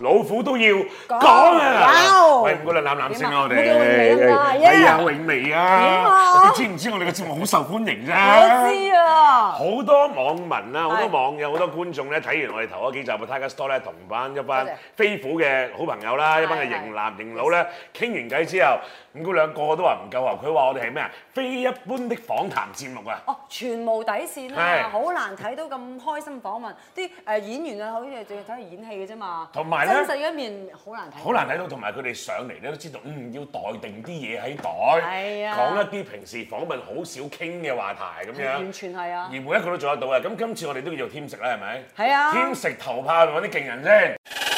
老虎都要講啊！喂，唔該，你攬攬先啊，我哋。哎呀，永美啊，你知唔知我哋嘅節目好受歡迎啫？我知啊，好多網民啦，好多網友、好多觀眾咧，睇完我哋頭嗰幾集嘅《Tiger Story》咧，同班一班飛虎嘅好朋友啦，一班嘅型男型佬咧，傾完偈之後，唔該，兩個都話唔夠啊！佢話我哋係咩啊？非一般的訪談節目啊！哦，全無底線啦，好難睇到咁開心訪問啲誒演員啊，好似淨係睇佢演戲嘅啫嘛，同埋。真實一面好難睇，好難睇到。同埋佢哋上嚟，你都知道，嗯，要待定啲嘢喺袋，講係啊一啲平時訪問好少傾嘅話題咁的樣。完全係啊！而每一個都做得到嘅。咁今次我哋都要做添食啦，係咪？係啊係啊！添食頭炮揾啲勁人先。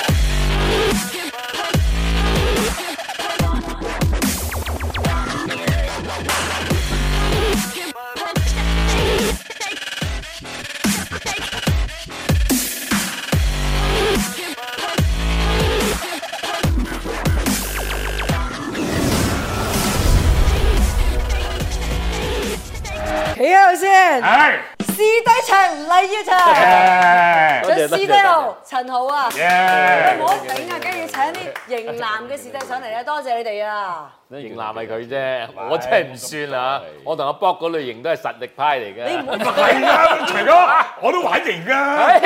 例如就係，就視帝劉陳豪啊，你唔好頂啊，跟住請啲型男嘅視帝上嚟啊！多謝你哋啊！型男係佢啫，我真係唔算啊！我同阿博嗰類型都係實力派嚟嘅。你唔係啊？除咗我都玩型㗎。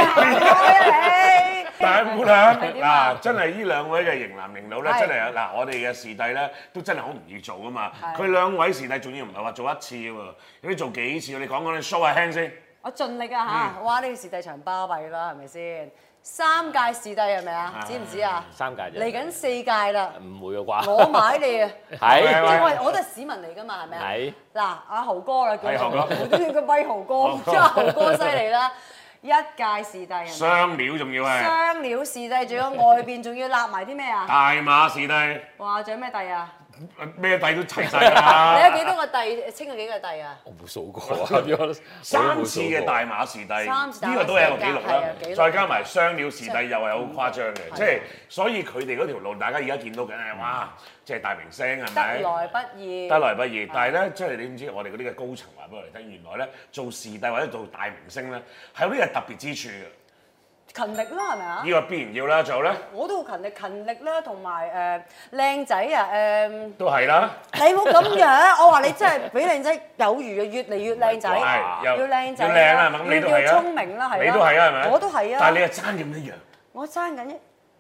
大姑娘嗱，真係呢兩位嘅型男型佬咧，真係啊嗱，我哋嘅視帝咧都真係好唔易做噶嘛。佢兩位視帝仲要唔係話做一次喎？你做幾次？你講講你 show 下 hand 先。我盡力啊嚇！哇，呢個視帝場巴閉啦，係咪先？三屆視帝係咪啊？知唔知啊？三屆啫。嚟緊四屆啦。唔會啊啩？我買你啊！係。因為我都係市民嚟噶嘛，係咪啊？係。嗱，阿豪哥啦，叫威豪哥，好中意個威豪哥，真係豪哥犀利啦！一屆視帝人。雙料仲要係。雙料視帝，仲有外邊仲要揦埋啲咩啊？大馬視帝。哇！仲有咩帝啊？咩帝都齊晒啦？你有幾多個帝？清咗幾個帝啊？我冇數過啊！三次嘅大馬視帝，呢個都係一個紀錄啦。再加埋雙料視帝又係好誇張嘅，即係所以佢哋嗰條路，大家而家見到梗係哇，即係大明星係咪？得來不易，得來不易。但係咧，即係你唔知我哋嗰啲嘅高層話俾我哋聽，原來咧做視帝或者做大明星咧，係有啲嘅特別之處嘅。勤力啦，係咪啊？呢個必然要啦，仲有咧？我都好勤力，勤力啦，同埋誒靚仔啊，誒都係啦。你唔好咁樣，我話你真係比靚仔有餘啊，越嚟越靚仔，要靚仔，要靚啊嘛！咁你都要聰明啦？你都係啊？係咪？我都係啊！但係你又爭咁一樣？我爭緊一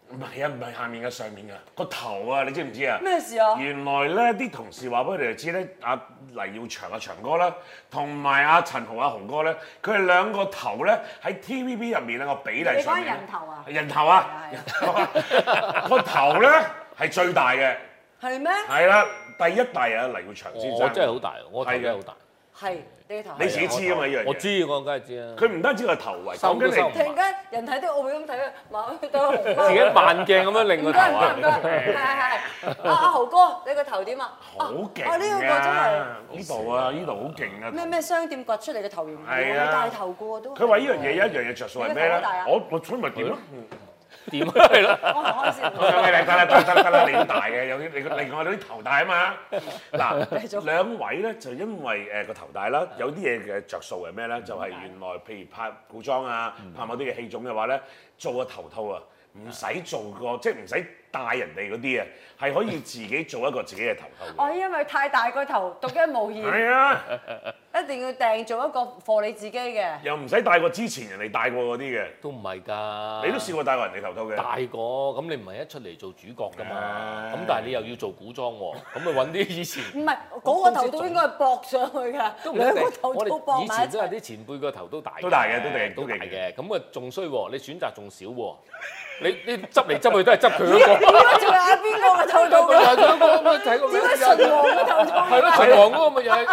唔係啊，唔係下面嘅，上面啊，個頭啊，你知唔知啊？咩事啊？原來咧，啲同事話俾我哋知咧，阿，黎耀祥啊，祥哥啦，同埋阿陳豪啊，豪哥咧，佢哋兩個頭咧喺 TVB 入面咧個比例上。你講人頭啊？人頭啊！個頭咧、啊、係 最大嘅。係咩嗎？係啦，第一大啊，黎耀祥先生。我真係好大，我睇嘅好大。係，呢頭你自己知㗎嘛？呢樣我知，我梗係知啦。佢唔單止個頭圍，突然間人睇啲奧妙咁睇啊，自己扮鏡咁樣另外一個啊！唔該唔該唔該，係係係。阿豪哥，你個頭點啊？好勁啊！呢個真係呢度啊，呢度好勁啊！咩咩商店掘出嚟嘅頭型，我係帶頭過都。佢話呢樣嘢一樣嘢着數係咩咧？我我所以咪點咯。點係咯？我開心。得啦得啦得啦，你大嘅有啲，另外嗰啲頭大啊嘛。嗱，兩位咧就因為誒個頭大啦，有啲嘢嘅着數係咩咧？就係原來譬如拍古裝啊，拍某啲嘅戲種嘅話咧，做個頭套啊。唔使做過，即係唔使戴人哋嗰啲啊，係可以自己做一個自己嘅頭套哦，因為太大個頭，獨一無二。係啊，一定要訂做一個貨你自己嘅。又唔使戴過之前人哋戴過嗰啲嘅。都唔係㗎。你都試過戴過人哋頭套嘅。戴過，咁你唔係一出嚟做主角㗎嘛？咁但係你又要做古裝喎，咁咪揾啲以前。唔係，嗰個頭套應該係駁上去㗎。兩個頭套駁埋。我哋以前真係啲前輩個頭都大。都大嘅，都大，都大嘅。咁啊，仲衰喎，你選擇仲少喎。你你執嚟執去都係執佢一個，仲執阿邊個個頭套？係咯，秦王嗰個咪又係，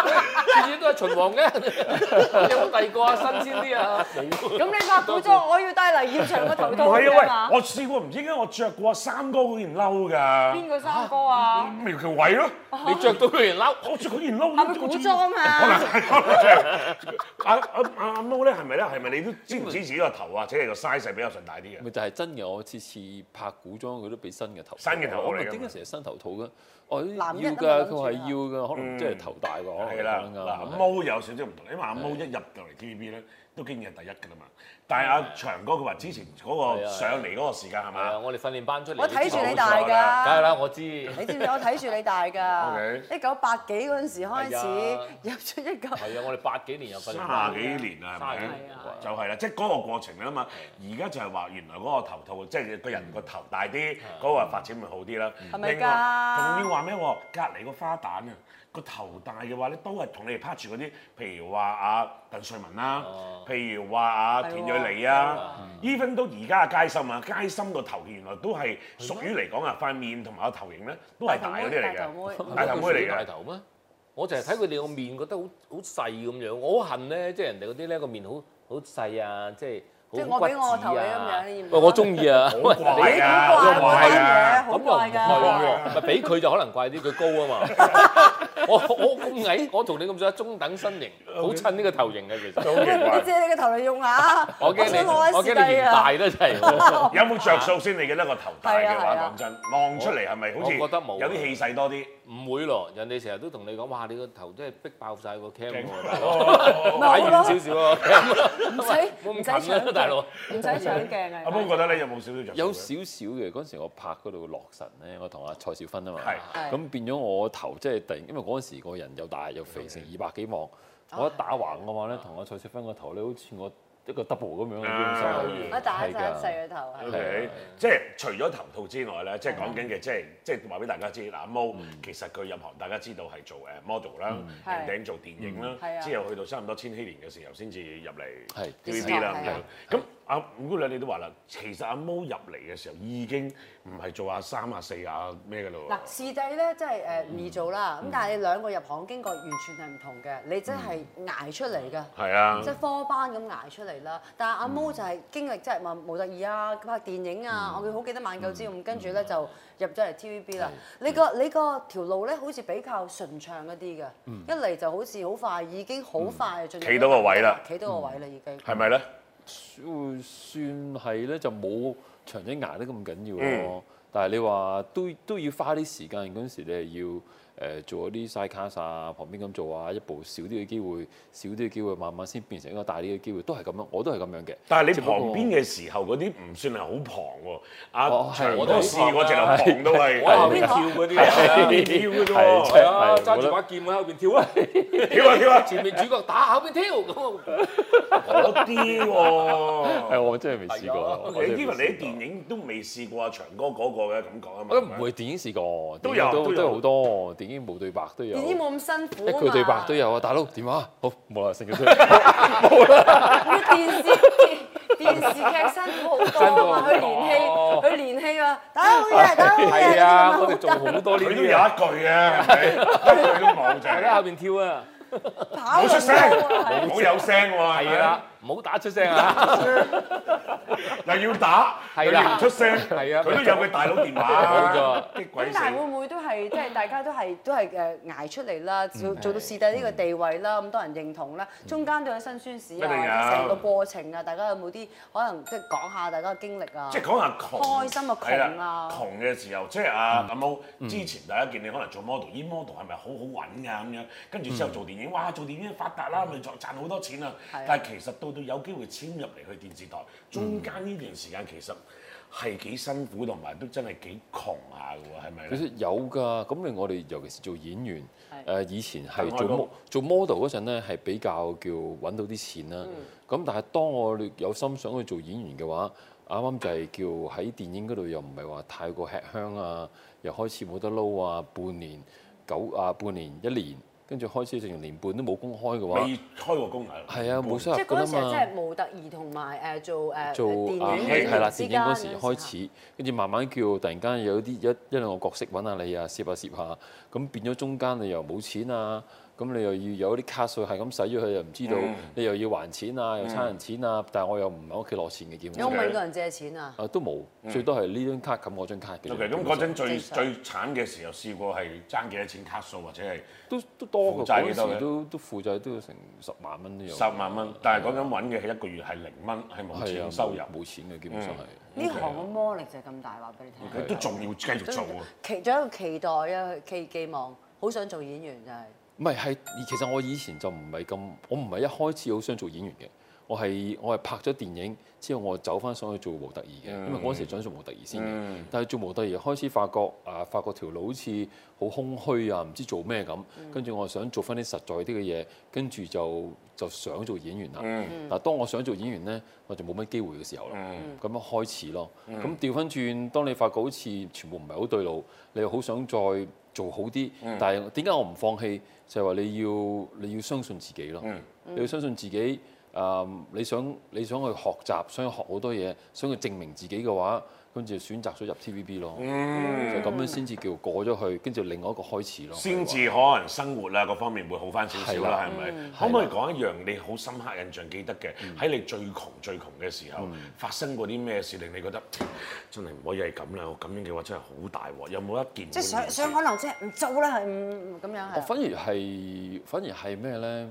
全部都係秦王嘅。有冇第二個啊？新鮮啲啊？死！咁你化古裝，我要戴黎耀祥個頭套啊嘛？我試過唔知點解我着過三哥嗰件褸㗎。邊個三哥啊？苗僑偉咯，你着到佢件褸，我著佢件褸。係咪古裝啊？可能係。阿阿阿阿毛咧係咪咧？係咪你都知唔知自己個頭啊？即係個 size 比較順大啲嘅。咪就係真嘅。我次次拍古裝，佢都俾新嘅頭。新嘅頭，現我問點解成日新頭套嘅？男㗎，佢係要㗎，可能即係頭大㗎，可係啦。嗱，阿毛有少少唔同，因為阿毛一入到嚟 TVB 咧，都經驗第一㗎啦嘛。但係阿長哥佢話之前嗰個上嚟嗰個時間係咪？我哋訓練班出嚟，我睇住你大㗎。梗係啦，我知。你知唔知？我睇住你大㗎。一九八幾嗰陣時開始入出一九，係啊，我哋八幾年又訓練，三幾年啊，係咪？就係啦，即係嗰個過程㗎嘛。而家就係話原來嗰個頭套即係個人個頭大啲，嗰個發展會好啲啦。係咪㗎？咩隔離個花旦啊，個頭大嘅話咧，都係同你哋拍住嗰啲，譬如話啊鄧萃雯啦，哦、譬如話啊田蕊妮啊，even 都而家嘅街心啊，街心個頭原來都係屬於嚟講啊，塊的面同埋個頭型咧都係大嗰啲嚟嘅，大頭妹嚟嘅。大頭咩？ 我淨係睇佢哋個面覺得好好細咁樣，我好恨咧，即係人哋嗰啲咧個面好好細啊，即係。啊、即係我俾我頭嘅咁樣，而唔係。喂，我中意啊！好貴㗎，唔係啊，咁又唔貴喎。咪俾佢就可能貴啲，佢高啊嘛。 我我矮，我同你咁樣中等身形，好襯呢個頭型嘅其實。你借你個頭嚟用下我驚你，我驚你嫌大都咧，有冇着數先？你覺得個頭大嘅話，講真，望出嚟係咪好似覺得冇。有啲氣勢多啲？唔會咯，人哋成日都同你講哇，你個頭真係逼爆晒個鏡喎，矮少少啊！唔使唔使搶，大佬唔使搶鏡啊！阿峰覺得你有冇少少搶？有少少嘅嗰陣時，我拍嗰度洛神咧，我同阿蔡少芬啊嘛，咁變咗我頭即係。因為嗰陣時個人又大又肥，成二百幾磅。我一打橫嘅話咧，同阿蔡少芬個頭咧，好似我一個 double 咁樣嘅樣勢。一打橫一細個頭，係即係除咗頭套之外咧，即係講緊嘅，即係即係話俾大家知嗱，Mo 其實佢入行大家知道係做誒 model 啦，影影做電影啦，之後去到差唔多千禧年嘅時候先至入嚟 TVB 啦咁。阿五姑娘，你都話啦，其實阿毛入嚟嘅時候已經唔係做阿三啊四啊咩嘅咯。嗱，視帝咧，即係誒唔易做啦。咁但係你兩個入行經過完全係唔同嘅。你真係捱出嚟嘅，係啊，即係科班咁捱出嚟啦。但係阿毛就係經歷即係話冇得意啊，拍電影啊，我記好記得晚九朝五，跟住咧就入咗嚟 TVB 啦。你個你個條路咧，好似比較順暢一啲嘅，一嚟就好似好快已經好快進。企到個位啦，企到個位啦，已經係咪咧？算係咧，就冇長頜牙得咁緊要咯。但係你話都都要花啲時間，嗰陣時，你係要。誒做一啲 side 卡，a 啊，旁邊咁做啊，一部少啲嘅機會，少啲嘅機會，慢慢先變成一個大啲嘅機會，都係咁樣，我都係咁樣嘅。但係你旁邊嘅時候，嗰啲唔算係好旁喎。阿長哥試過隻手旁都係。我後邊跳嗰啲係跳，揸住把劍喺後邊跳啊，跳啊跳啊！前面主角打，後邊跳咁啊，好屌喎！我真係未試過。even 你喺電影都未試過阿長哥嗰個嘅感覺啊嘛。我唔會電影試過，都有，都有好多。已經冇對白都有，已經冇咁辛苦啊！一句對白都有啊，大佬點啊？好冇啦，成個出，冇啦。電視電視劇辛苦好多，啊嘛，佢連戲，佢連戲啊！打開好嘢，打開好嘢，好。係啊，我哋做好多年。佢都有一句啊，係。佢都望住喺下邊跳啊，跑，冇出聲，冇有聲喎，係啦。唔好打出聲啊！又要打，佢哋唔出聲，係啊，佢都有佢大佬電話啊。冇鬼先。但係會唔會都係即係大家都係都係誒捱出嚟啦，做到視帝呢個地位啦，咁多人認同啦，中間都有辛酸史啊，成個過程啊，大家有冇啲可能即係講下大家嘅經歷啊？即係可能，窮，開心啊，窮啊！窮嘅時候，即係啊阿冇之前大家見你可能做 model，model 係咪好好揾㗎咁樣？跟住之後做電影，哇做電影發達啦，咪賺好多錢啊！但係其實到都有機會簽入嚟去電視台，中間呢段時間其實係幾辛苦，同埋都真係幾窮下嘅喎，係咪咧？其實有㗎，咁你我哋尤其是做演員，誒的、呃、以前係做做 model 嗰陣咧，係比較叫搵到啲錢啦。咁、嗯、但係當我有心想去做演員嘅話，啱啱就係叫喺電影嗰度又唔係話太過吃香啊，又開始冇得撈啊，半年九啊半年一年。跟住開始，直情年半都冇公開嘅話，未開過工，係啊，冇收入㗎嘛。即係嗰時即係冇模特兒同埋誒做誒、啊、電影係啦。之間嗰時開始，跟住慢慢叫，突然間有啲一一,一兩個角色揾下你啊，攝下攝下，咁變咗中間你又冇錢啊。咁你又要有啲卡數係咁使咗，佢又唔知道。你又要還錢啊，又差人錢啊。但係我又唔喺屋企攞錢嘅，基本上。有冇問過人借錢啊？都冇，最多係呢張卡撳我張卡。O.K. 咁嗰陣最最慘嘅時候試過係爭幾多錢卡數，或者係都都多過。負債幾多都都負債都要成十萬蚊都有。十萬蚊，但係講緊揾嘅係一個月係零蚊，係冇收入，冇錢嘅基本上係。呢行嘅魔力就係咁大話俾你聽。佢都仲要繼續做啊！其中一個期待啊！期寄望，好想做演員就係。唔係，係其實我以前就唔係咁，我唔係一開始好想做演員嘅。我係我係拍咗電影之後，我走翻上去做模特兒嘅，因為嗰陣時想做模特兒先嘅。嗯、但係做模特兒開始發覺啊，發覺條路好似好空虛啊，唔知做咩咁。跟住、嗯、我想做翻啲實在啲嘅嘢，跟住就就想做演員啦。嗱，嗯、當我想做演員呢，我就冇乜機會嘅時候啦。咁樣、嗯嗯、開始咯。咁調翻轉，當你發覺好似全部唔係好對路，你又好想再做好啲，嗯、但係點解我唔放棄？就係、係、話你要你要相信自己咯。你要相信自己。嗯嗯誒，你想你想去學習，想去學好多嘢，想去證明自己嘅話，跟住選擇咗入 TVB 咯，嗯、就咁樣先至叫過咗去，跟住另外一個開始咯，先至可能生活啦，各方面會好翻少少啦，係咪？可唔可以講一樣你好深刻印象記得嘅，喺你最窮最窮嘅時候發生過啲咩事、嗯、令你覺得真係唔可以係咁啦？咁樣嘅話真係好大鑊，有冇一件？即係想想可能即係唔做啦，係咁樣係。反而係反而係咩咧？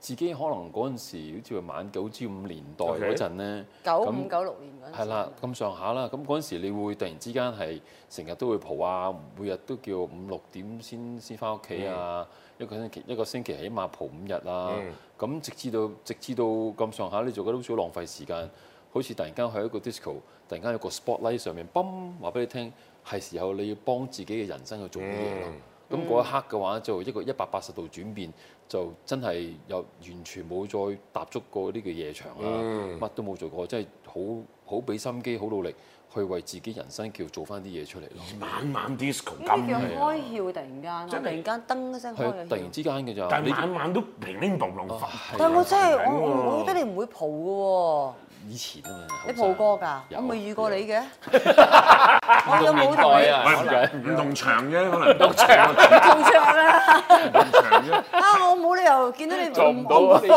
自己可能嗰陣時，好似話晚九至五年代嗰陣咧，吧那九五九六年嗰陣，係啦的，咁上下啦。咁嗰陣時，你會突然之間係成日都會蒲啊，每日都叫五六點先先返屋企啊，一個星期一個星期起碼蒲五日啊。咁、嗯、直至到直至到咁上下，你就覺得好似浪費時間，嗯、好似突然間去一個 disco，突然間有個 spotlight 上面，嘣！話俾你聽，係時候你要幫自己嘅人生去做啲嘢咯。咁嗰一刻嘅話，就一個一百八十度轉變，就真係又完全冇再踏足過呢個夜場啊，乜、嗯、都冇做過，真係好好俾心機、好努力，努力去為自己人生叫做做翻啲嘢出嚟咯。晚晚 disco 咁樣開竅，對突然間，即係突然間噔嘅聲開，突然之間嘅咋？但你晚晚都乒乒乓乓發但係我真係、啊、我真、啊、我覺得我我你唔會蒲嘅喎。以前啊嘛，你蒲哥㗎？有冇遇過你嘅？我同冇代啊，唔同唔同場嘅，可能都場。仲場啊？唔同場啫。啊！我冇理由見到你唔好放過你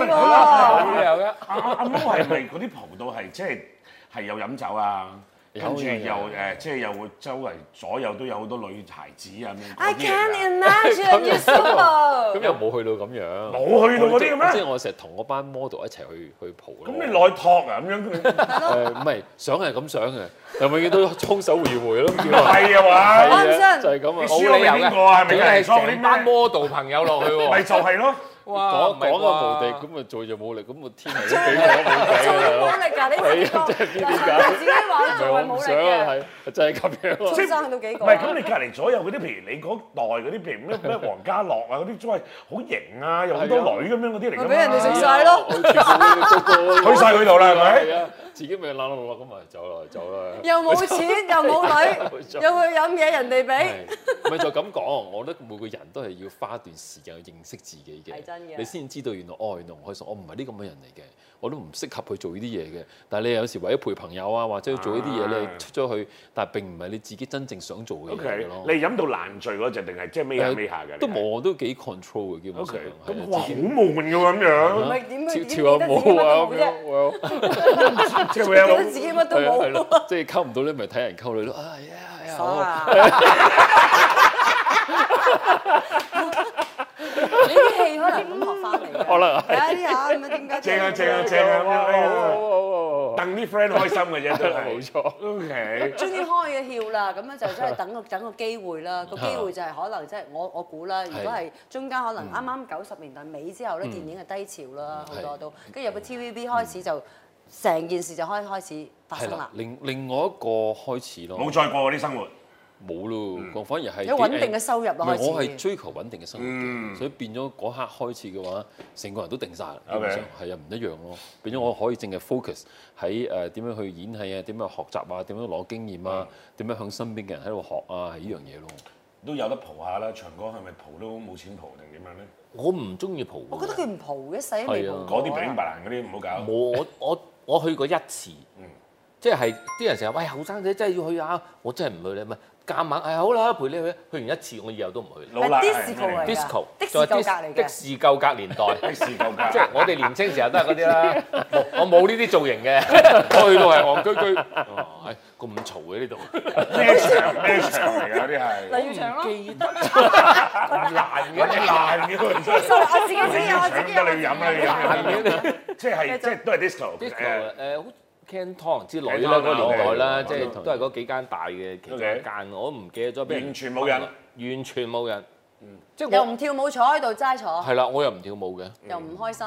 喎。冇理由嘅。阿阿媽係咪嗰啲蒲到係即係係有飲酒啊？跟住又誒，即係又會周圍左右都有好多女孩子啊咩？I can't imagine you so. 咁又冇去到咁樣，冇去到嗰啲嘅咩？即係我成日同嗰班 model 一齊去去蒲咯。咁你內託啊咁樣？誒唔係，想係咁想嘅，又咪要到雙手互回咯？係啊嘛，就係咁啊，好理由嘅，你係同啲 model 朋友落去喎，咪就係咯。講講個無敵咁啊，做就冇力，咁個天嚟俾我冇計嘅係咯。做就冇力㗎，你唔講自己話做係冇力嘅。真係咁樣。生到幾個？唔係咁，你隔離左右嗰啲，譬如你嗰代嗰啲，譬如咩咩黃家樂啊，嗰啲都係好型啊，又好多女咁樣嗰啲嚟。俾人哋食曬咯，推曬佢度啦，係咪？係啊，自己咪冷冷落落咁啊，走啦走啦。又冇錢，又冇女，又去飲嘢人哋俾。咪就咁講，我覺得每個人都係要花一段時間去認識自己嘅。係真。你先知道原來愛濃開心，我唔係呢咁嘅人嚟嘅，我都唔適合去做呢啲嘢嘅。但係你有時為咗陪朋友啊，或者做呢啲嘢，你出咗去，但係並唔係你自己真正想做嘅嘢咯。你飲到爛醉嗰陣定係即係咩下嘅？都冇，我都幾 control 嘅基本上。哇，好悶㗎喎咁樣。跳跳下舞啊，冇，自己乜都即係溝唔到，你咪睇人溝女咯。啊呀呀！呢啲戲可能咁學翻嚟，睇下啲啊，咁樣點解正啊正啊正啊！好好好，等啲 friend 開心嘅啫，真係冇錯。O K，終於開嘅竅啦，咁樣就真係等個等個機會啦。個機會就係可能即係我我估啦，如果係中間可能啱啱九十年代尾之後咧，電影係低潮啦，好多都跟住入個 T V B，開始就成件事就開開始發生啦。另另外一個開始咯，冇再過嗰啲生活。冇咯，反而係有穩定嘅收入咯。我係追求穩定嘅收入，所以變咗嗰刻開始嘅話，成個人都定晒。係咪？係啊，唔一樣咯。變咗我可以淨係 focus 喺誒點樣去演戲啊，點樣學習啊，點樣攞經驗啊，點樣向身邊嘅人喺度學啊依樣嘢咯。都有得蒲下啦，長江係咪蒲都冇錢蒲定點樣咧？我唔中意蒲。我覺得佢唔蒲嘅，世都未蒲過。嗰啲頂白蘭嗰啲唔好搞。我我我我去過一次，即係啲人成日喂，後生仔真係要去啊，我真係唔去，你唔係。今晚係好啦，陪你去，去完一次我以後都唔去老啦。disco disco 嚟㗎。的士夠格年代，的士夠格。即係我哋年輕時候都係嗰啲啦。我冇呢啲造型嘅，去到係憨居居。哦，咁嘈嘅呢度。咩場？咩場嚟㗎？啲係。冷場咯。難㗎。難㗎。唔得，你自己食啊！自己食唔得，你要飲啊！要飲啊！即係即係都係 disco。d Ken Tong 之類咧，嗰個年代啦，即係都係嗰幾間大嘅幾間，我唔記得咗邊。完全冇人，完全冇人，嗯，即係又唔跳舞坐喺度齋坐。係啦，我又唔跳舞嘅，又唔開心。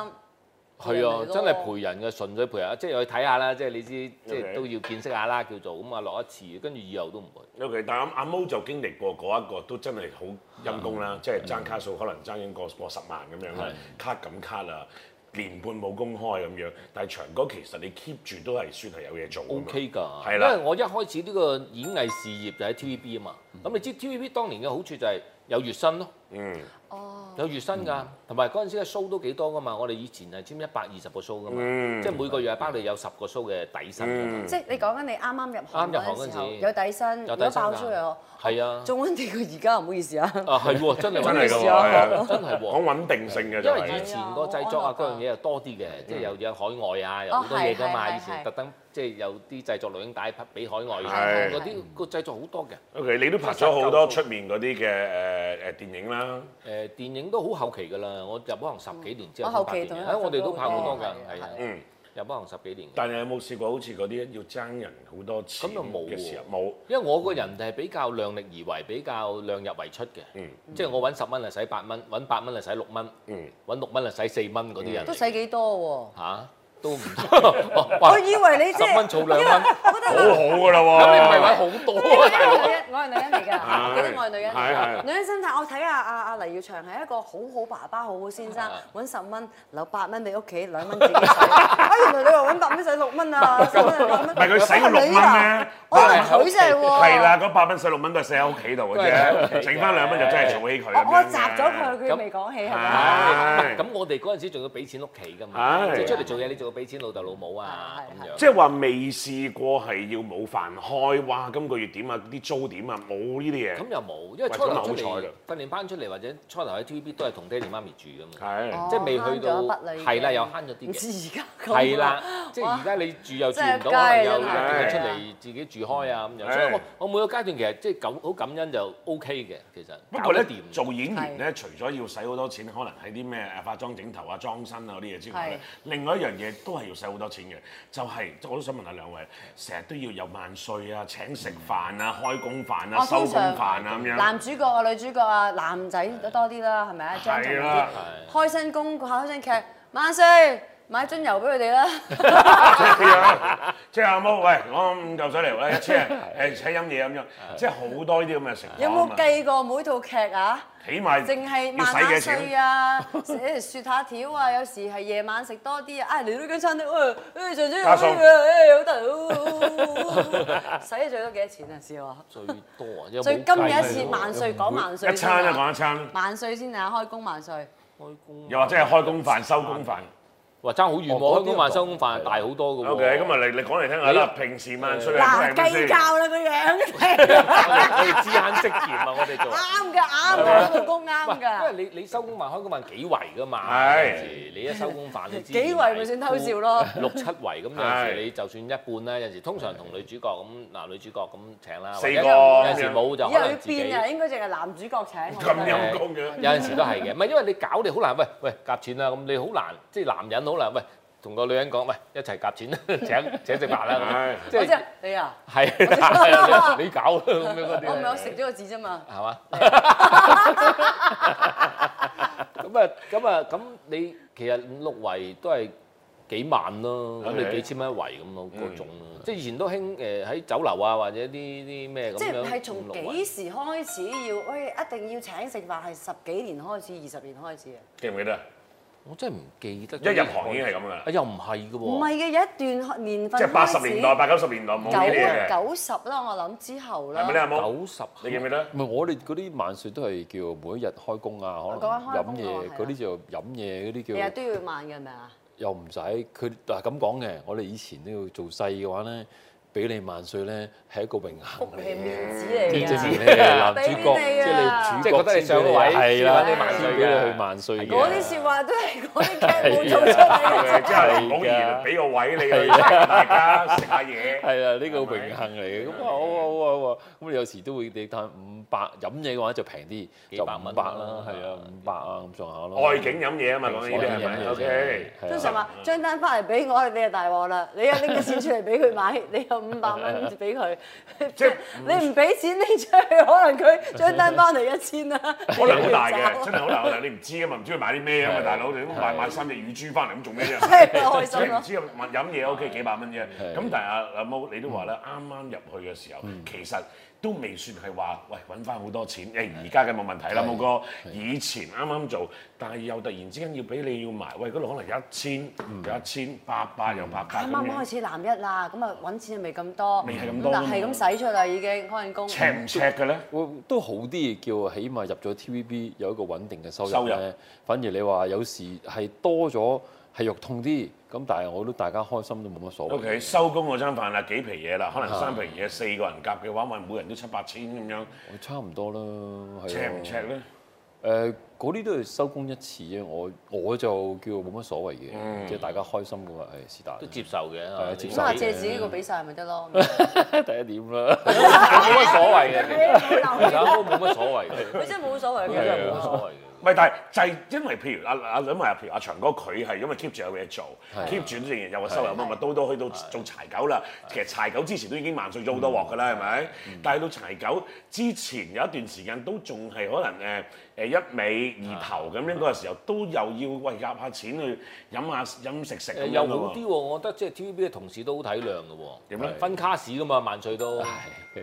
係啊，真係陪人嘅，純粹陪啊，即係去睇下啦，即係你知，即係都要見識下啦，叫做咁啊，落一次，跟住以後都唔會。O.K. 但阿阿毛就經歷過嗰一個，都真係好陰功啦，即係爭卡數，可能爭過過十萬咁樣卡緊卡啊。年半冇公開咁樣，但係祥哥其實你 keep 住都係算係有嘢做，O K 㗎，是的 因為我一開始呢個演藝事業就喺 T V B 啊嘛，咁、嗯、你知 T V B 當年嘅好處就係有月薪咯。嗯有月薪㗎，同埋嗰陣時嘅 show 都幾多㗎嘛！我哋以前係簽一百二十個 show 㗎嘛，即係每個月係包你有十個 show 嘅底薪。即係你講緊你啱啱入行啱入行嗰陣時，有底薪，如果爆出去哦，係啊，仲穩定過而家，唔好意思啊。啊係真係真係㗎，真係講穩定性嘅。因為以前個製作啊嗰樣嘢又多啲嘅，即係有有海外啊，有好多嘢㗎嘛。以前特登即係有啲製作錄影帶拍俾海外嗰啲個製作好多嘅。O K，你都拍咗好多出面嗰啲嘅誒。電影啦，誒電影都好後期㗎啦，我入行十幾年之後拍電影，誒我哋都拍好多㗎，係，嗯，入行十幾年。但係有冇試過好似嗰啲要爭人好多錢嘅時候？冇，因為我個人係比較量力而為，比較量入為出嘅，嗯，即係我揾十蚊就使八蚊，揾八蚊就使六蚊，嗯，揾六蚊就使四蚊嗰啲人。都使幾多喎？嚇！都唔，我以為你即係十蚊儲兩蚊，好好嘅啦喎。咁你咪揾好多。我係女人，我係女人嚟㗎。我係女人。女人心態，我睇下阿阿黎耀祥係一個好好爸爸，好好先生。揾十蚊，留八蚊俾屋企，兩蚊自己儲。啊，原來你話揾八蚊使六蚊啊？唔係佢使嗰六蚊我問佢啫。係啦，嗰八蚊使六蚊都係使喺屋企度嘅啫，剩翻兩蚊就真係儲起佢。我我閘咗佢，佢未講起係咪？咁我哋嗰陣時仲要俾錢屋企㗎嘛？即係出嚟做嘢，你做。俾錢老豆老母啊，即係話未試過係要冇飯開，哇！今個月點啊？啲租點啊？冇呢啲嘢。咁又冇，因為初頭嚟訓練班出嚟，或者初頭喺 TVB 都係同爹哋媽咪住噶嘛。係，即係未去到，係啦，又慳咗啲。唔知啦，即係而家你住又住唔到，又出嚟自己住開啊咁樣。所以我每個階段其實即係感好感恩就 OK 嘅，其實。不過咧，做演員咧，除咗要使好多錢，可能喺啲咩化妝整頭啊、裝身啊嗰啲嘢之外咧，另外一樣嘢，都係要使好多錢嘅，就係、是，我都想問下兩位，成日都要有萬歲啊、請食飯啊、開工飯啊、收工飯啊咁生樣。男主角啊、女主角啊、男仔都多啲啦，係咪啊？的的張總啦，開新工嗰下開新劇，萬歲。買樽油俾佢哋啦，即係阿毛。喂我五舊水嚟喂，一車誒請飲嘢咁樣，即係好多呢啲咁嘅食。有冇計過每套劇啊？起碼淨係萬歲啊，誒雪下條啊，有時係夜晚食多啲啊，你都幾餐都誒誒，最多誒誒，好得，使咗最多幾多錢啊？試下最多啊，因為最今日一次萬歲講萬歲，一餐啊講一餐，萬歲先啊，開工萬歲，開工又或者係開工飯收工飯？話爭好遠喎，開工飯收工飯大好多嘅喎。O K，咁啊你你講嚟聽下啦，平時問出嚟請先。嗱計較啦個樣。知慳識儉啊，我哋做。啱嘅，啱嘅，老公啱嘅。因為你你收工飯、開工飯幾圍嘅嘛，有陣時你一收工飯都知。幾圍咪算偷笑咯？六七圍咁有陣時，你就算一半啦，有陣時通常同女主角咁，男女主角咁請啦。四個。有陣時冇就自己。又要變啊，應該淨係男主角請。咁陰功嘅，有陣時都係嘅。唔係因為你搞你好難，喂喂夾錢啦，咁你好難，即係男人。好啦，喂同個女人講，喂一齊夾錢請請食飯啦，即係你啊，係你搞咁樣嗰啲，我食咗個字啫嘛，係嘛？咁啊咁啊咁，你其實五六圍都係幾萬咯，咁你幾千蚊一圍咁咯，嗰種咯，即係以前都興誒喺酒樓啊或者啲啲咩咁樣。即係從幾時開始要喂一定要請食飯，係十幾年開始，二十年開始啊？記唔記得？我真係唔記得。一入行已經係咁噶啦，又唔係嘅喎。唔係嘅，有一段年份開始即係八十年代、八九十年代冇呢啲嘅。九九十啦，我諗之後啦。係咪你阿母？九十，你記唔記得？唔係我哋嗰啲慢稅都係叫每一日開工啊，可能飲嘢嗰啲就飲嘢嗰啲叫。日都要慢嘅係咪啊？又唔使佢，就係咁講嘅，我哋以前都要做細嘅話咧。俾你萬歲咧，係一個榮幸嚟嘅，俾面子嚟嘅，男主角，即係你，主角，佢都係上位，係啦，俾你去萬歲。嗰啲説話都係嗰啲劇本出嚟嘅，真係。好易俾個位你去，大家食下嘢。係啦，呢個榮幸嚟嘅，咁啊，好好咁你有時都會你睇五百飲嘢嘅話就平啲，就五百啦，係啊，五百啊咁仲有咯。外景飲嘢啊嘛，講嘢。OK。都成日話張單翻嚟俾我，你就大鑊啦。你有拎啲錢出嚟俾佢買，你五百蚊俾佢，即係你唔俾錢，你出去可能佢張單翻嚟一千啦。可能好大嘅，真係好大，可能你唔知啊嘛，唔知佢買啲咩啊嘛，大佬你買買三隻乳豬翻嚟咁做咩啫？唔知啊，買飲嘢 OK 幾百蚊啫。咁但係阿阿毛你都話啦，啱啱入去嘅時候其實。都未算係話，喂揾翻好多錢。誒，而家嘅冇問題啦，冇哥。以前啱啱做，但係又突然之間要俾你要埋。喂嗰度可能一千、一千八百又八百。啱啱開始男一啦，咁啊揾錢啊未咁多，未係咁多，但係咁使出嚟已經開緊工。赤唔赤嘅咧？都好啲，叫起碼入咗 TVB 有一個穩定嘅收入咧。反而你話有時係多咗。係肉痛啲，咁但係我都大家開心都冇乜所謂。O K，收工嗰餐飯啦，幾皮嘢啦，可能三皮嘢，四個人夾嘅話，咪每人都七八千咁樣，差唔多啦。赤唔赤咧？誒，嗰啲都係收工一次啫，我我就叫冇乜所謂嘅，即係大家開心嘅話，係是但都接受嘅，係接受。借自己個俾曬咪得咯，第一點啦，冇乜所謂嘅，其實都冇乜所謂嘅，佢真係冇所謂嘅，就冇所謂嘅。唔係，但係就係因為譬如阿阿諗啊，譬如阿長哥佢係因為 keep 住有嘢做，keep 住仍然有個收入，咁啊都都去到做柴九啦。的其實柴九之前都已經萬歲咗好多鑊㗎啦，係咪？但係到柴九之前有一段時間都仲係可能誒。誒一尾二頭咁樣嗰個時候都又要喂，夾下錢去飲下飲食食又好啲喎，我覺得即係 TVB 嘅同事都好體諒嘅喎。點咧？分卡士噶嘛，萬歲都，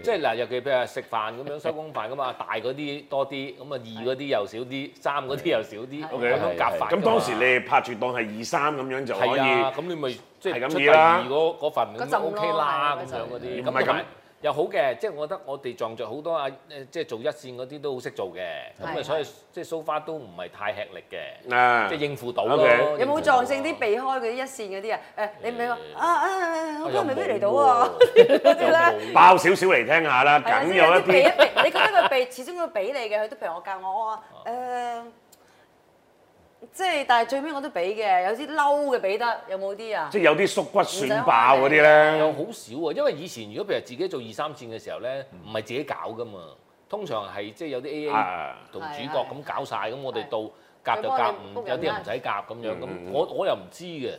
即係嗱，尤其譬如食飯咁樣收工飯噶嘛，大嗰啲多啲，咁啊二嗰啲又少啲，三嗰啲又少啲。O K，咁夾飯。咁當時你拍住當係二三咁樣就可以。係啊，咁你咪即係咁意啦。出第二嗰份咁就 O K 啦，咁樣嗰啲唔係咁。又好嘅，即係我覺得我哋撞着好多啊誒，即係做一線嗰啲都好識做嘅，咁啊所以即係 so far 都唔係太吃力嘅，啊即係應付到嘅。有冇撞正啲避開嗰啲一線嗰啲啊？誒，你唔係話啊啊，我都未必嚟到喎嗰啲咧。爆少少嚟聽下啦，梗有一啲。你覺得佢避始終要畀你嘅，佢都譬如我教我我話誒。即係，但係最尾我都俾嘅。有啲嬲嘅俾得，有冇啲啊？即係有啲縮骨算爆嗰啲咧，有好少啊！因為以前如果譬如自己做二三線嘅時候咧，唔係自己搞噶嘛，通常係即係有啲 AA 同主角咁搞晒，咁我哋到夾就夾，有啲人唔使夾咁樣咁，我我又唔知嘅，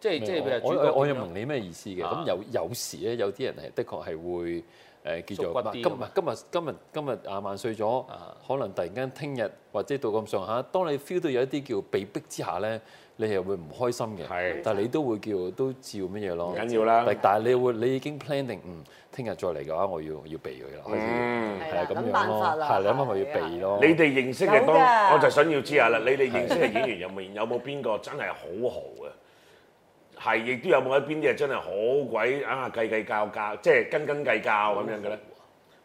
即係即係譬如我我又明你咩意思嘅？咁有有時咧，有啲人係的確係會。誒叫做今，今唔今日，今日今日啊萬歲咗，可能突然間聽日或者到咁上下，當你 feel 到有一啲叫被逼之下咧，你係會唔開心嘅。係的，但係你都會叫都照乜嘢咯？唔緊要啦。但係的你會，你已經 planning，嗯，聽日再嚟嘅話，我要我要避佢啦。嗯，係啊，咁樣咯。係兩咪要避咯。你哋認識嘅當，我就想要知下啦。你哋認識嘅演員入面有冇邊個真係好豪嘅？係，亦都有冇喺邊啲啊？真係好鬼硬下，計計較較，即係斤斤計較咁樣嘅咧。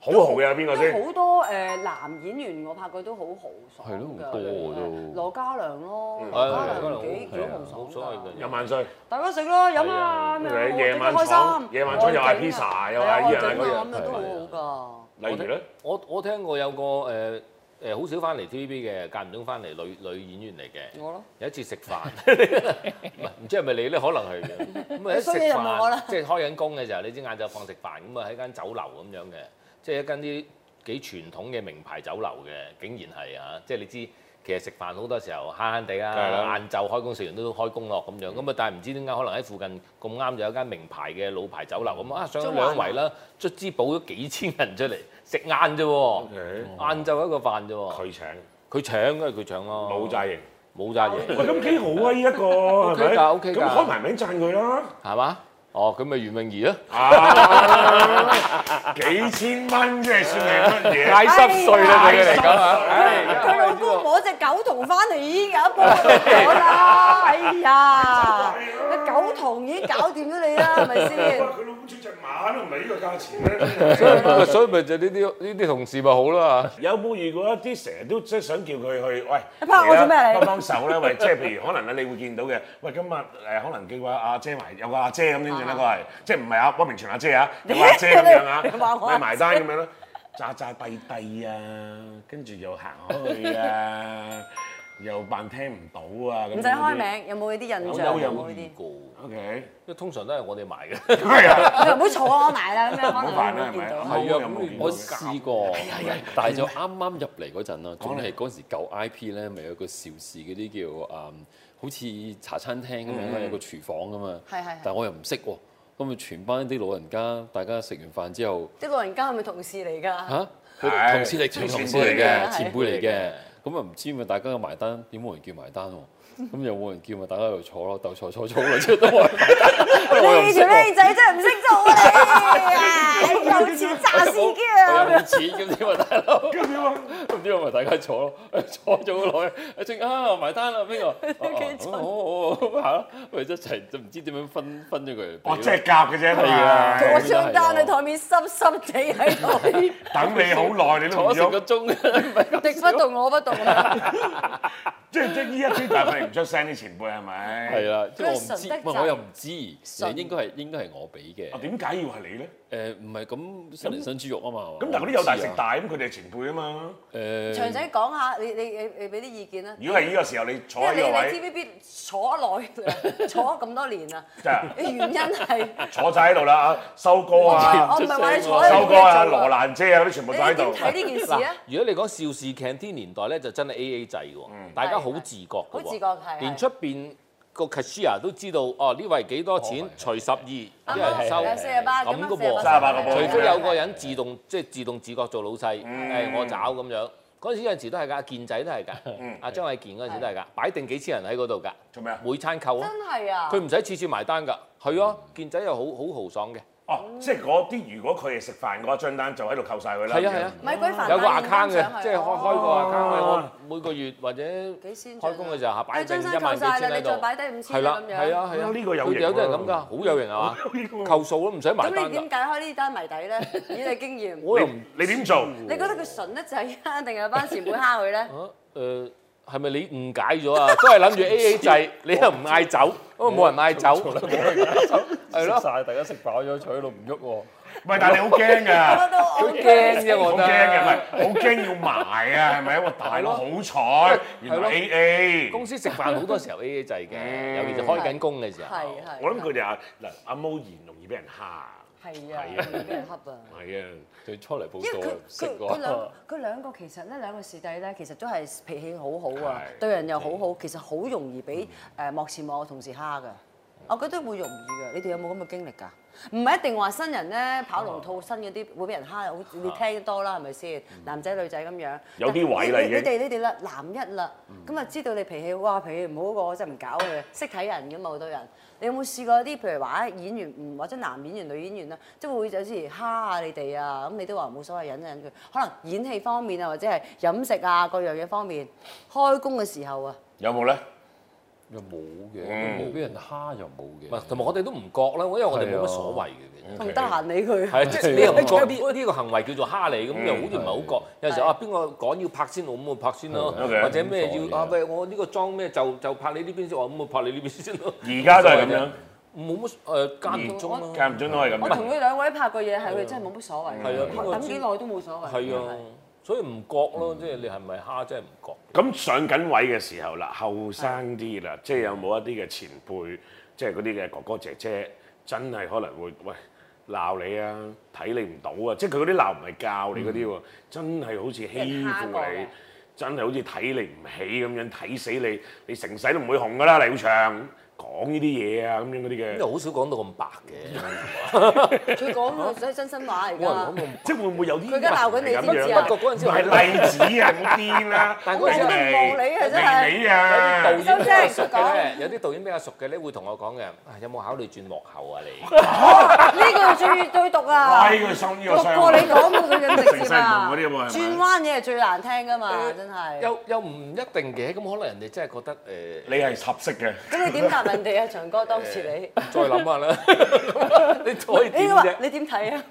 好豪嘅有邊個先？好多誒，男演員，我拍佢都好豪爽㗎。唔多喎。羅嘉良咯，羅嘉良幾幾豪爽，有又萬歲！大家食咯，飲啊！夜晚闖，夜晚闖又嗌 pizza，又嗌嘢，嗰啲係。例如咧，我我聽過有個誒。誒好少翻嚟 TVB 嘅，間唔中翻嚟女女演員嚟嘅。我咯，有一次食飯，唔 知係咪你咧？可能係咁啊！ 一食飯，即係開緊工嘅時候，你知晏晝放食飯，咁啊喺間酒樓咁樣嘅，即係一間啲幾傳統嘅名牌酒樓嘅，竟然係嚇，即係你知。其實食飯好多時候慳慳地啊，晏晝開工食完都開工咯咁樣咁啊！但係唔知點解可能喺附近咁啱就有間名牌嘅老牌酒樓咁啊！上咗兩圍啦，卒之補咗幾千人出嚟食晏啫喎，晏晝、嗯、一個飯啫喎。佢請，佢請梗係佢請咯，冇贊型，冇贊型。喂，咁幾好啊呢一個，係咪、嗯？咁開埋名讚佢啦，係嘛？ 哦，咁咪袁詠儀咧？幾千蚊即係算係乜嘢？太濕碎啦，畀佢嚟講！佢老公攞隻狗同翻嚟已經有一波動作啦！哎呀，隻狗同已經搞掂咗你啦，係咪先？佢老公出隻馬都唔係呢個價錢咧。所以咪，所以咪就呢啲呢啲同事咪好啦嚇。有冇遇過一啲成日都即係想叫佢去喂？阿爸，我做咩嚟？你幫手咧，喂，即係譬如可能咧，你會見到嘅，喂，今日誒可能叫話阿姐埋有個阿姐咁先。嗰個即係唔係阿汪明荃阿姐啊？有阿姐咁樣啊，你埋單咁樣咯，詐詐諦諦啊，跟住又行去啊，又扮聽唔到啊，咁。唔使開名，有冇呢啲印象？有有呢啲個。OK，即通常都係我哋埋嘅。唔好坐我埋啦，咁樣。唔好扮啊！係啊，咁我試過。係係但係就啱啱入嚟嗰陣啦，總係嗰陣時舊 IP 咧，咪有個肇事嗰啲叫誒。好似茶餐廳咁樣有個廚房噶嘛，但係我又唔識喎。咁啊，全班啲老人家，大家食完飯之後，啲老人家係咪同事嚟㗎？嚇，同事嚟，同事嚟嘅，前輩嚟嘅。咁啊唔知咪大家有埋單，點冇人叫埋單喎？咁又冇人叫咪大家喺度坐咯，鬥坐坐坐，即都係你條靚仔真係唔識做你啊！有錢詐死㗎！有錢叫啲乜？唔知我咪大家坐咯，坐咗好耐，正啊埋單啦邊個？哦，好，好，行咯，咪一齊就唔知點樣分分咗佢。哦，即係夾嘅啫，係啊。攤張單喺台面濕濕地喺度。等你好耐，你都唔知。坐成個鐘。敵不動，我不動。即係即係呢一邊，但係唔出聲啲前輩係咪？係啊，即係我唔知，我又唔知。應該係應該係我俾嘅。啊，點解要係你咧？誒，唔係咁新鮮豬肉啊嘛。咁但係嗰啲有大食大咁佢哋。前輩啊嘛，詳細講下，你你你你俾啲意見啦。如果係呢個時候你坐喺度，因為你 TVB 坐咗耐，坐咗咁多年啊。原因係坐晒喺度啦啊，收哥啊，我唔係話你坐，收哥啊，羅蘭姐啊，嗰啲全部都喺度。點睇呢件事啊？如果你講邵氏、c a n t 年代咧，就真係 AA 制嘅，大家好自覺好自覺係。連出邊。個 cashier 都知道哦，呢位幾多錢？除十二一人收四十八咁噶噃。除非有個人自動，即係自動自覺做老細，係我找咁樣。嗰陣時有陣時都係㗎，健仔都係㗎，阿張衛健嗰陣時都係㗎，擺定幾千人喺嗰度㗎。做咩啊？每餐扣啊！真係啊！佢唔使次次埋單㗎，係啊，健仔又好好豪爽嘅。哦，即係嗰啲如果佢哋食飯嘅話，張單就喺度扣曬佢啦。係啊係啊，有個 account 嘅，即係開開個 account，我每個月或者幾先開工嘅時候，擺低一萬幾蚊喺度。係啦，係啊，係啊，呢個有型。有啲人咁㗎，好有型係嘛？扣數咯，唔使埋單。咁你點解開呢單謎底咧？以你經驗，我又唔你點做？你覺得佢純得滯啊，定係班前輩蝦佢咧？啊，誒，係咪你誤解咗啊？都係諗住 A A 制，你又唔嗌走？冇人買酒，食曬大家食飽咗，坐喺度唔喐喎。唔係，但係你好驚㗎，好驚啫！我覺得，好驚㗎，唔係，好驚要埋啊，係咪？哇！大佬，好彩，原來 A A 公司食飯好多時候 A A 制嘅，尤其是開緊工嘅時候。係係。我諗佢哋啊，嗱，阿毛言容易俾人蝦。係啊，俾人恰啊！係啊，佢初嚟報到，佢兩佢兩個其實呢兩個師弟咧，其實都係脾氣好好啊，對人又好好。其實好容易俾誒幕前幕後同事蝦㗎。我覺得會容易㗎。你哋有冇咁嘅經歷㗎？唔係一定話新人咧，跑龍套新嗰啲會俾人蝦，好你聽得多啦，係咪先？男仔女仔咁樣。有啲位啦已，你哋你哋啦男一啦，咁啊知道你脾氣，哇脾氣唔好個，我真係唔搞佢。識睇人㗎嘛，好多人。你有冇試過啲譬如話演員或者男演員女演員啦，即係會有時蝦下你哋啊，咁你都話冇所謂，忍忍佢，可能演戲方面啊，或者係飲食啊各樣嘢方面，開工嘅時候啊，有冇咧？又冇嘅，冇俾人蝦又冇嘅。同埋我哋都唔覺啦，因為我哋冇乜所謂嘅嘅。唔得閒理佢。係，即係你又覺呢個呢個行為叫做蝦你咁，又好似唔係好覺。有時候啊，邊個講要拍先，我咪拍先咯。或者咩要啊？喂，我呢個裝咩就就拍你呢邊先，我咪拍你呢邊先咯。而家都係咁樣，冇乜誒間唔中咯，間唔中都係咁。我同佢兩位拍過嘢係佢真係冇乜所謂。係啊，等幾耐都冇所謂。係啊，所以唔覺咯，即係你係咪蝦？真係唔覺。咁上緊位嘅時候啦，後生啲啦，的即係有冇一啲嘅前輩，即係嗰啲嘅哥哥姐姐，真係可能會喂，鬧你啊，睇你唔到啊，即係佢嗰啲鬧唔係教你嗰啲喎，嗯、真係好似欺負你，負你真係好似睇你唔起咁樣，睇死你，你成世都唔會紅㗎喇，黎耀祥。講呢啲嘢啊，咁樣嗰啲嘅，因為好少講到咁白嘅。佢講嘅係真心話嚟㗎。即係會唔會有啲？佢而家鬧緊你先知。不過嗰陣時話唔係例子啊，咁癲啦！有啲無理啊，真係。有啲導演比較熟嘅，有啲導演比較熟嘅咧，會同我講嘅。有冇考慮轉幕後啊？你呢個最最毒啊！呢個傷呢個傷。過你講嘅佢就唔識事啦。轉彎嘢係最難聽㗎嘛，真係。又又唔一定嘅，咁可能人哋真係覺得誒，你係合適嘅。咁你點答人？你啊，長哥當時你再諗下啦，你可以點啫？你點睇啊？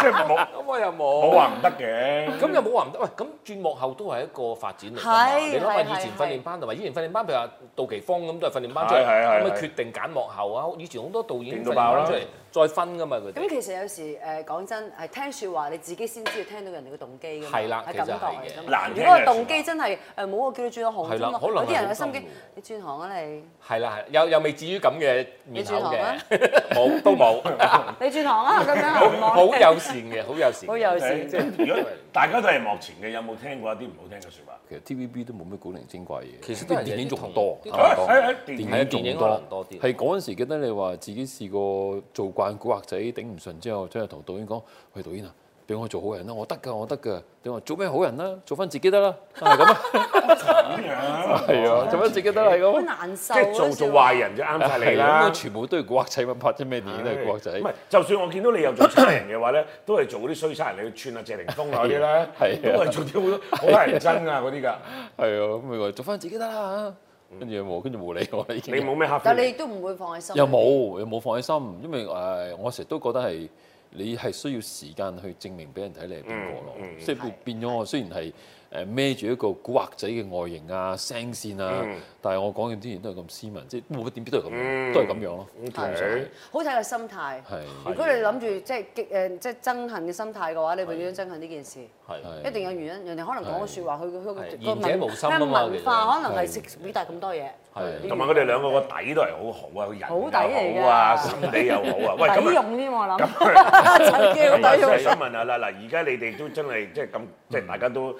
即係冇，咁我又冇，冇話唔得嘅。咁又冇話唔得。喂，咁轉幕後都係一個發展嚟㗎嘛。你諗下，以前訓練班同埋以前訓練班，譬如話杜琪峯咁都係訓練班出嚟，咁啊決定揀幕後啊。以前好多導演都係揀出嚟。再分噶嘛，佢？咁其實有時誒，講真係聽説話，你自己先至，聽到人哋嘅動機咁樣，係咁待，如果係動機真係誒，冇我叫你轉行，咁啲人嘅心機，你轉行啊你？係啦，係，又又未至於咁嘅面貌嘅，冇都冇。你轉行啊咁樣？好友善嘅，好友善。大家都係幕前嘅，有冇聽過一啲唔好聽嘅説話？其實 TVB 都冇咩古靈精怪嘢。其實啲電影仲多。喺、啊啊、電影，仲、啊、多啲。係嗰陣時記得你話自己試過做慣古惑仔頂唔順之後，即係同導演講：喂，導演啊！俾我做好人啦，我得噶，我得噶。俾我做咩好人啦？做翻自己得啦，係咁啊。係啊，做翻自己得係咁。好難受，即係做做壞人就啱曬你啦。全部都要古惑仔，乜拍啲咩電影啊？古惑仔。唔係，就算我見到你又做差人嘅話咧，都係做嗰啲衰差人你要串啊，謝霆鋒嗰啲啦！係。都係做啲好好乞人憎啊嗰啲㗎。係啊，咁咪話做翻自己得啦。跟住冇，跟住冇理我你冇咩客？但係你都唔會放喺心。又冇又冇放喺心，因為誒，我成日都覺得係。你係需要時間去證明俾人睇你係邊個咯，嗯嗯、即係變咗我雖然係。孭住一個古惑仔嘅外形啊、聲線啊，但係我講佢之前都係咁斯文，即係冇乜點，都係咁，都係咁樣咯。好睇嘅心態。係。如果你諗住即係極誒，即係憎恨嘅心態嘅話，你點樣憎恨呢件事？係一定有原因，人哋可能講個説話，佢佢個文。無心啊嘛，文化可能係食會帶咁多嘢。係。同埋佢哋兩個個底都係好好啊，個人又好啊，心理又好啊。喂，咁。用添我諗。就叫抵用。想問下嗱，而家你哋都真係即係咁，即係大家都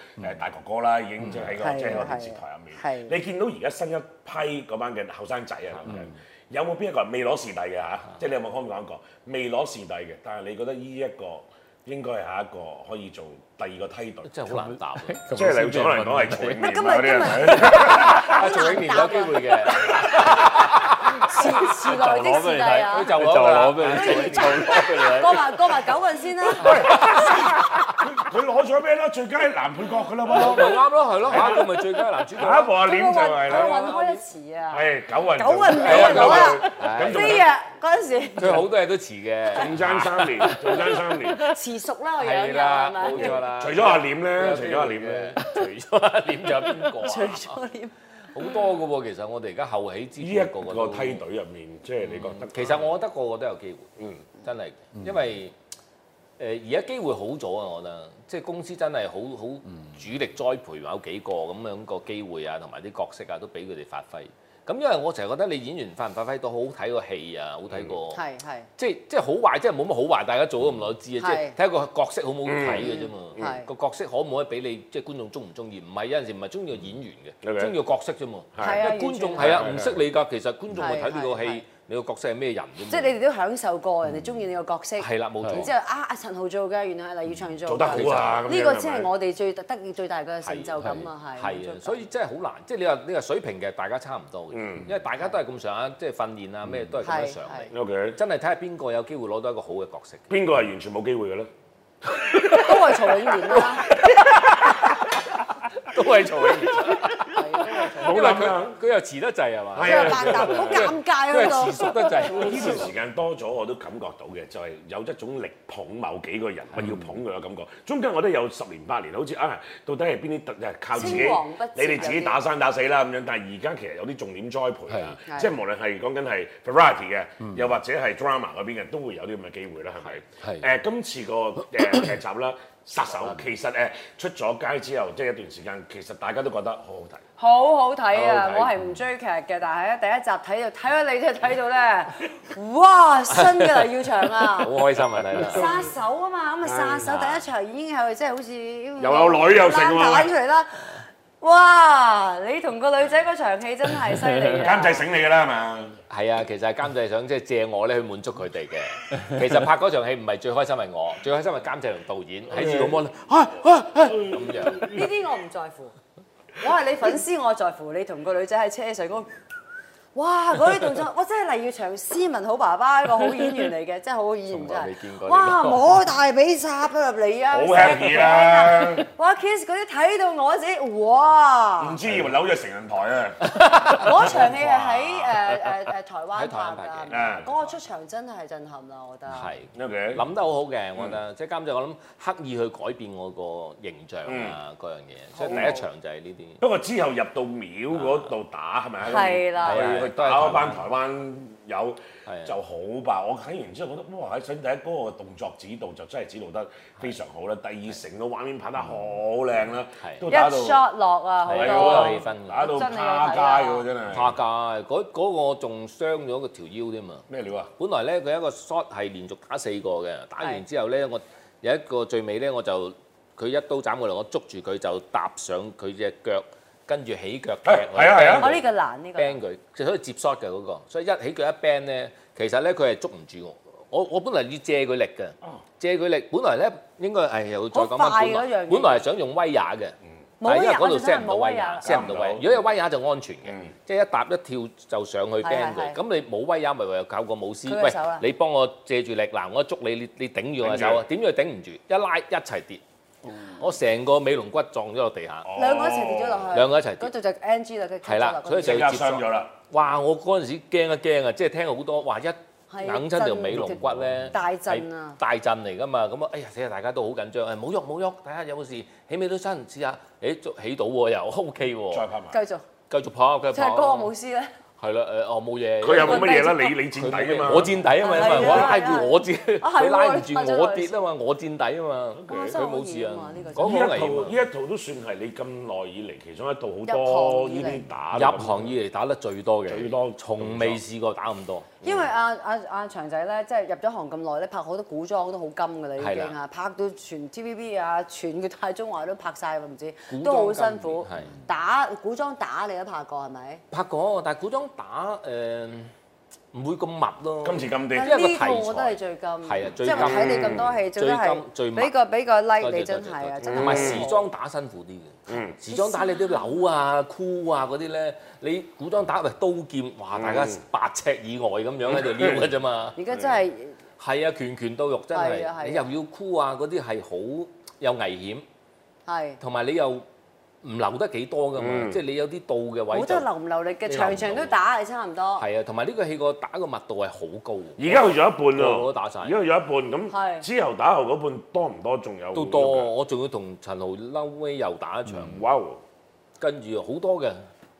大哥哥啦，已經就喺個即係個電視台入面。你見到而家新一批嗰班嘅後生仔啊，有冇邊一個未攞視帝嘅嚇？即係你有冇開門講一講？未攞視帝嘅，但係你覺得呢一個應該係下一個可以做第二個梯隊。真係好難答，即係嚟長來講係曹永廉嗰啲人。阿曹永廉有機會嘅。笑笑落就，就，就攞俾你睇，就我，就攞俾你睇。過埋過埋九運先啦，啊。 佢攞咗咩咯？最佳男配角噶啦嘛，咪啱咯，係咯，下一個咪最佳男主角，阿婆阿念就係啦，開一次啊，係九運九運嚟咗啦，啲嘢嗰陣時，佢好多嘢都遲嘅，仲爭三年，仲爭三年，遲熟啦，我而家係啦，冇錯啦，除咗阿念咧，除咗阿念咧，除咗阿念仲有邊個啊？除咗阿念好多噶喎，其實我哋而家後起之，呢一個個梯隊入面，即係你覺得，其實我覺得個個都有機會，嗯，真係，因為。誒而家機會好咗啊！我覺得即係公司真係好好主力栽培有幾個咁樣個機會啊，同埋啲角色啊都俾佢哋發揮。咁因為我成日覺得你演員發唔發揮到好好睇個戲啊，好睇個係係即係即係好壞，即係冇乜好壞。大家做咗咁耐，知啊。即係睇下個角色好唔好睇嘅啫嘛。個角色可唔可以俾你即係觀眾中唔中意？唔係有陣時唔係中意個演員嘅，中意個角色啫嘛。因為觀眾係啊，唔識你㗎。其實觀眾去睇呢個戲，你個角色係咩人？即係你哋都享受過，人哋中意你個角色。係啦，冇錯。之後啊，陳豪做嘅，原來啊，黎耀祥做。做得好啊！呢個先係我哋最得意、最大嘅成就感啊，係。係啊，所以真係好難。即係你話你話水平嘅，大家差唔多嘅。嗯。因為大家都係咁上啊。即係訓練啊，咩都做咁上嚟。係真係睇下邊個有機會攞到一個好嘅角色。邊個係完全冇機會嘅咧？都係曹永廉啦。都係曹永廉，因為佢佢又遲得滯係嘛，好尷尬啊！因為遲熟得滯，呢段時間多咗我都感覺到嘅，就係有一種力捧某幾個人，我要捧佢嘅感覺。中間我都有十年八年，好似啊，到底係邊啲特係靠自己？你哋自己打生打死啦咁樣。但係而家其實有啲重點栽培啊，即係無論係講緊係 variety 嘅，又或者係 drama 嗰邊嘅，都會有啲咁嘅機會啦，係咪？係誒，今次個誒劇集啦。殺手其實誒出咗街之後，即係一段時間，其實大家都覺得好好睇，好好睇啊！ 我係唔追劇嘅，但係咧第一集睇到睇到你就，即係睇到咧，哇！新嘅黎耀祥啊，好 開心啊！睇啦，殺手啊嘛，咁啊 殺手第一場已經係即係好似 又有女又成啊出嚟啦！ 哇！你同個女仔嗰場戲真係犀利，監製醒你㗎啦，係嘛？係啊，其實係監製想即係借我咧去滿足佢哋嘅。其實拍嗰場戲唔係最開心係我，最開心係監製同導演喺住咁溫咁樣。呢啲我唔在乎，我係你粉絲，我在乎你同個女仔喺車上哇！嗰啲動作，我真係黎耀祥，斯文好爸爸，一個好演員嚟嘅，真係好演員真係。從來未見過。哇！摸大髀，插咗入嚟啊！好輕易啦！哇！kiss 嗰啲睇到我自己，哇！唔知要扭咗成人台啊！嗰場戲係喺誒誒誒台灣喺台灣拍㗎，嗰個出場真係震撼啦！我覺得係 OK，諗得好好嘅，我覺得。即係監製我諗刻意去改變我個形象啊，嗰樣嘢。即係第一場就係呢啲。不過之後入到廟嗰度打，係咪？係啦。打一班台灣友的就好吧，我睇完之後覺得哇！喺想第一嗰個動作指導就真係指導得非常好啦，的第二成個畫面拍得好靚啦，的都打到 shot 落啊，好的多氣氛，打到趴街嘅真係，趴街嗰個仲傷咗個條腰添啊！咩料啊？本來咧佢一個 shot 係連續打四個嘅，打完之後咧的我有一個最尾咧我就佢一刀斬過嚟，我捉住佢就搭上佢隻腳。跟住起腳踢我呢個難呢個，bang 佢，可以接 shot 嘅嗰個，所以一起腳一 bang 咧，其實咧佢係捉唔住我。我我本嚟要借佢力嘅，借佢力，本嚟咧應該，哎又再講翻本來。好快嗰樣嘅。本來係想用威亞嘅，冇威亞，想用威亞，set 唔到威亞。如果有威亞就安全嘅，即係一踏一跳就上去 bang 佢。咁你冇威亞咪唯有靠個舞師。舉手啦。你幫我借住力，嗱我捉你，你你頂住我隻手啊？點樣頂唔住？一拉一齊跌。我成個尾龍骨撞咗落地下，兩個一齊跌咗落去，兩個一齊，嗰度就 NG 啦，跟住係啦，所以就要接咗。哇！我嗰陣時驚一驚啊，即係聽好多話一掹親條尾龍骨咧，大震啊，大震嚟噶嘛。咁啊，哎呀，死啊！大家都好緊張，誒冇喐冇喐，睇下有冇事，起咩都差唔多啊。下誒。起到喎，又 OK 喎，再拍埋，繼續，繼續拍，繼續拍。武師咧。係啦，誒，哦，冇嘢。佢又冇乜嘢啦，你你墊底啊嘛，我墊底啊嘛，因為我拉住我跌，佢拉唔住我跌啊嘛，我墊底啊嘛，佢冇事啊。講起呢一套，呢一套都算係你咁耐以嚟其中一套好多呢啲打，入行以嚟打得最多嘅，最多從未試過打咁多。因為阿阿阿祥仔咧，即係入咗行咁耐咧，拍好多古裝都好金噶啦。是的 已經啊，拍到全 TVB 啊，全嘅大中華都拍曬。唔知裝都好辛苦。是的 打古裝打你都拍過係咪？是是拍過，但係古裝打誒。呃唔會咁密咯，因為個題材係啊，最，即係睇你咁多戲，最得係，最，最密。俾個 like 你真係啊，同埋時裝打辛苦啲嘅，時裝打你啲摟啊、箍啊嗰啲咧，你古裝打喂刀劍，哇大家八尺以外咁樣喺度撩嘅啫嘛。而家真係係啊，拳拳到肉真係，你又要箍啊嗰啲係好有危險，係同埋你又。唔留得幾多噶嘛，嗯、即係你有啲到嘅位，好多留唔留力嘅，場場都打係差唔多。係啊，同埋呢個戲個打個密度係好高。而家去咗一半咯，我都打曬。而家去咗一半咁，之後打後嗰半多唔多？仲有，都多。我仲要同陳豪嬲尾又打一場，跟住好多嘅。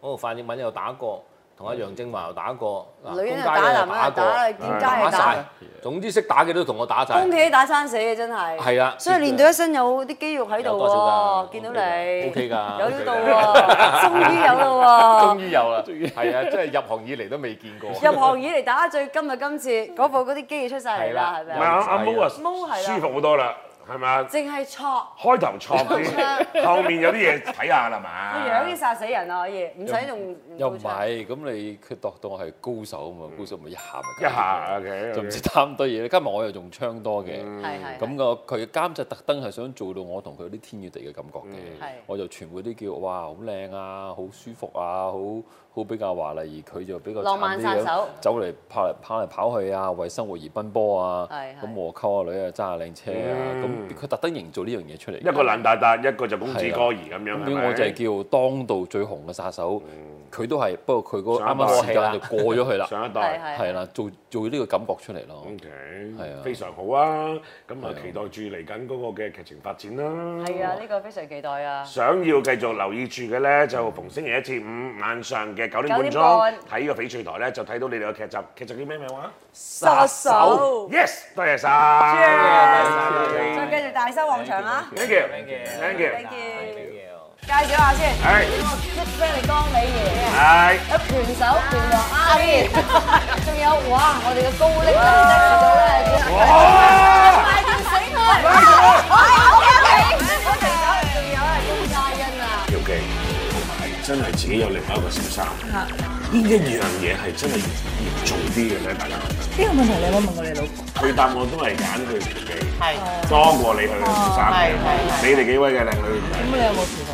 我哦，範奕文又打過。同阿楊正華又打過，女人又打男人，打連家係打，總之識打嘅都同我打曬。恭喜打生死嘅真係。係啊，所以練到一身有啲肌肉喺度喎，見到你 OK 㗎，有呢度喎，終於有啦喎。終於有啦，終於，係啊，真係入行以嚟都未見過。入行以嚟打最今日今次嗰部嗰啲機器出曬嚟啦，係咪啊？唔係啊，阿 Mo 啊，Mo 係舒服好多啦。係咪啊？淨係錯開頭錯啲，嘲後面有啲嘢睇下啦嘛。個樣已經殺死人啦，可以唔使用，用不。又唔係咁你佢 u 到我係高手啊嘛？嗯、高手咪一下咪。一下 O K，就唔、okay, okay. 知攤唔多嘢咧。今日我又用槍多嘅，咁個佢監製特登係想做到我同佢有啲天與地嘅感覺嘅，嗯、我就全部都叫哇好靚啊，好舒服啊，好。好比較華麗，而佢就比較慘啲樣，殺手走嚟跑嚟跑去啊，為生活而奔波啊，咁是和溝下女啊，揸下靚車啊，咁佢特登營造呢樣嘢出嚟。一個冷大大，一個就公子哥兒咁樣，咁、啊、吧我就係叫當道最紅嘅殺手。嗯佢都係，不過佢嗰啱啱時間就過咗去啦，上一代係啦，做做呢個感覺出嚟咯，OK，係啊，非常好啊，咁啊期待住嚟緊嗰個嘅劇情發展啦，係啊，呢個非常期待啊。想要繼續留意住嘅咧，就逢星期一至五晚上嘅九點半鐘睇個翡翠台咧，就睇到你哋嘅劇集。劇集叫咩名話？殺手，yes，多謝晒，再繼續大收旺場啦，thank you，thank you，thank you。介紹下先，我 best friend 李江美爺，係一拳手拳王阿 Y，仲有哇，我哋嘅高力哥嚟嘅，哇！快啲醒開！O K，O K，O K，仲有係一家人啊！O K，同埋真係自己有另外一個小三，呢一樣嘢係真係嚴重啲嘅咧，大家覺得？呢個問題你有冇問過你老婆？佢答我都係揀佢自己，係多過你去爭，你哋幾位嘅靚女，咁你有冇試過？